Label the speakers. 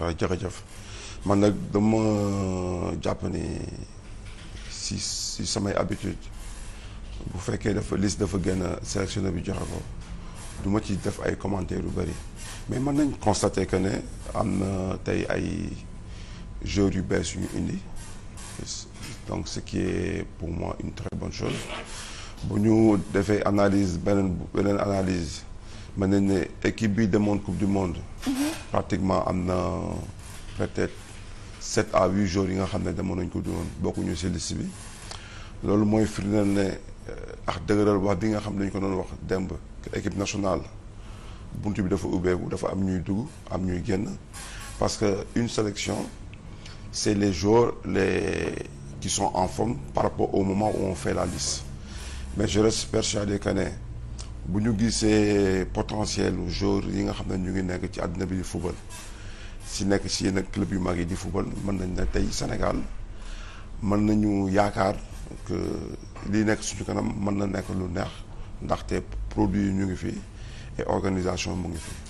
Speaker 1: waaw jërëjëf man nag dama jàpp ni si si samay habitude bu fekkee dafa liste dafa génn sélectionneur bi joxe ko du ma ci def ay commentaires yu bëri mais mën nañ constater que ne am na tey ay joueurs yu bees yu ñu indi donc ce qui est pour moi une très bonne chose bu ñu defee analyse beneen beneen analyse mën nañ ne équipe bi demoon coupe du monde. Mm-hmm. pratiquement am na peut-être sept à huit jours yi nga xam ne demoon nañ ko doon bokkuñu ci liste bi loolu mooy firndeel ne euh, ak dëgëral wax bi nga xam ne dañu ko doon wax démb équipe nationale buntu bi dafa ubbeeku dafa am ñuy dugg am ñuy génn parce que une sélection c'est les jours les qui sont en forme par rapport au moment où on fait la liste mais je reste persuadé que ne bu ñu gisee potentiel joueur yi nga xam ne ñu ngi nekk ci àddina bi di football si nekk si yenn club yu mag yi di football mën nañ ne tey Sénégal mën nañu yaakaar que lii nekk suñu kanam mën na nekk lu neex ndaxte produit yi ñu ngi fi et organisation mu ngi fi.